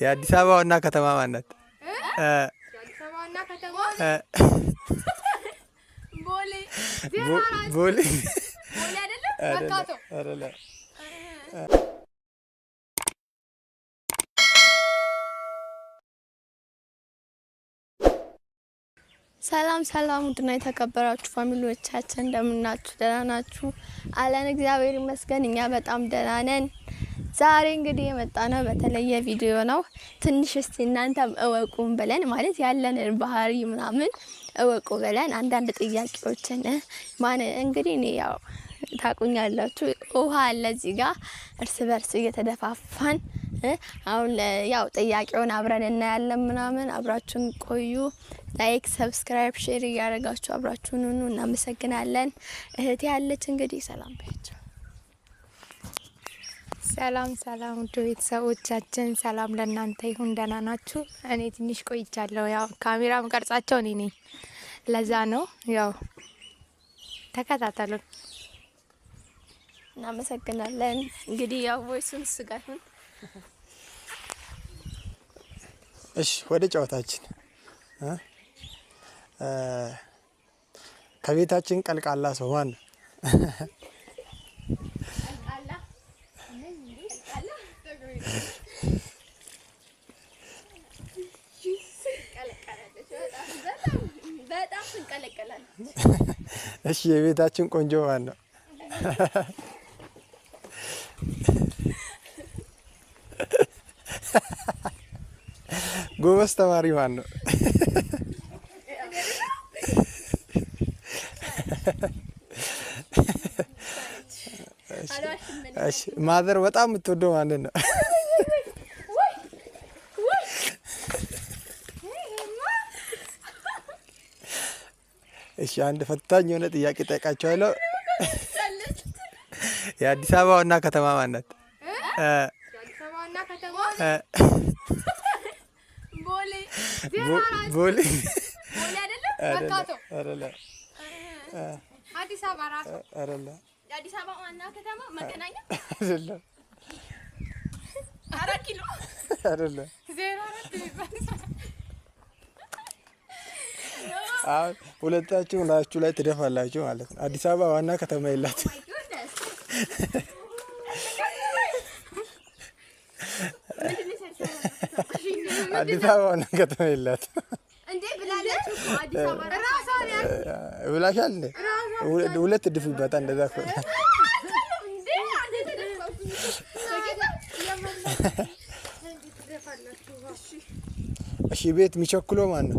የአዲስ አበባ ዋና ከተማ ማነት? ሰላም ሰላም፣ ውድና የተከበራችሁ ፋሚሊዎቻችን እንደምናችሁ? ደህና ናችሁ? አለን። እግዚአብሔር ይመስገን እኛ በጣም ደህና ነን። ዛሬ እንግዲህ የመጣ ነው በተለየ ቪዲዮ ነው። ትንሽ እስቲ እናንተም እወቁን ብለን ማለት ያለንን ባህሪ ምናምን እወቁ ብለን አንዳንድ ጥያቄዎችን ማን እንግዲህ እኔ ያው ታቁኛላችሁ ውሃ አለ እዚህ ጋር እርስ በርስ እየተደፋፋን አሁን ያው ጥያቄውን አብረን እናያለን ምናምን። አብራችሁን ቆዩ። ላይክ፣ ሰብስክራይብ፣ ሼር እያደረጋችሁ አብራችሁን ሁኑ። እናመሰግናለን። እህቴ ያለች እንግዲህ ሰላም ባያቸው ሰላም ሰላም ውድ ቤተሰቦቻችን፣ ሰላም ለእናንተ ይሁን። ደህና ናችሁ? እኔ ትንሽ ቆይቻለሁ። ያው ካሜራ መቀርጻቸው እኔ ነኝ፣ ለዛ ነው። ያው ተከታተሉን። እናመሰግናለን። እንግዲህ ያው ቮይሱን ስጋሁን። እሺ፣ ወደ ጨዋታችን ከቤታችን ቀልቃላ ሰው ማን ነው? እሺ የቤታችን ቆንጆ ማን ነው? ጎበዝ ተማሪ ማን ነው? ማዘር በጣም የምትወደው ማንን ነው? እሺ አንድ ፈታኝ የሆነ ጥያቄ ጠይቃቸዋለሁ። የአዲስ አበባ ዋና ከተማ ማን ናት? ኪሎ አይደለም። ሁለታችሁ ላችሁ ላይ ትደፋላችሁ ማለት ነው። አዲስ አበባ ዋና ከተማ የላት። oh አዲስ አበባ ዋና ከተማ የላት ብላሻል። ሁለት ድፍ ይባታ እንደዛ እሺ ቤት የሚቸኩሎ ማን ነው?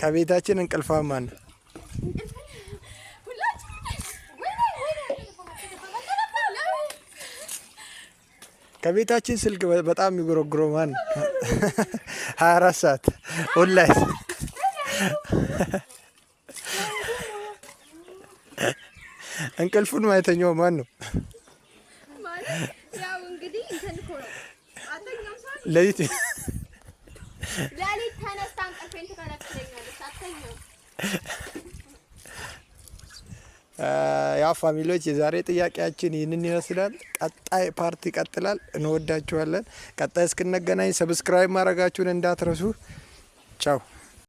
ከቤታችን እንቅልፋማ ነው። ከቤታችን ስልክ በጣም የሚጎረጉረው ማን ነው? ሀያ አራት ሰዓት ሁላይ እንቅልፉን ማይተኛው ማን ነው? ለሊት ያ ፋሚሊዎች የዛሬ ጥያቄያችን ይህንን ይመስላል። ቀጣይ ፓርቲ ይቀጥላል። እንወዳችኋለን። ቀጣይ እስክንገናኝ ሰብስክራይብ ማድረጋችሁን እንዳትረሱ። ቻው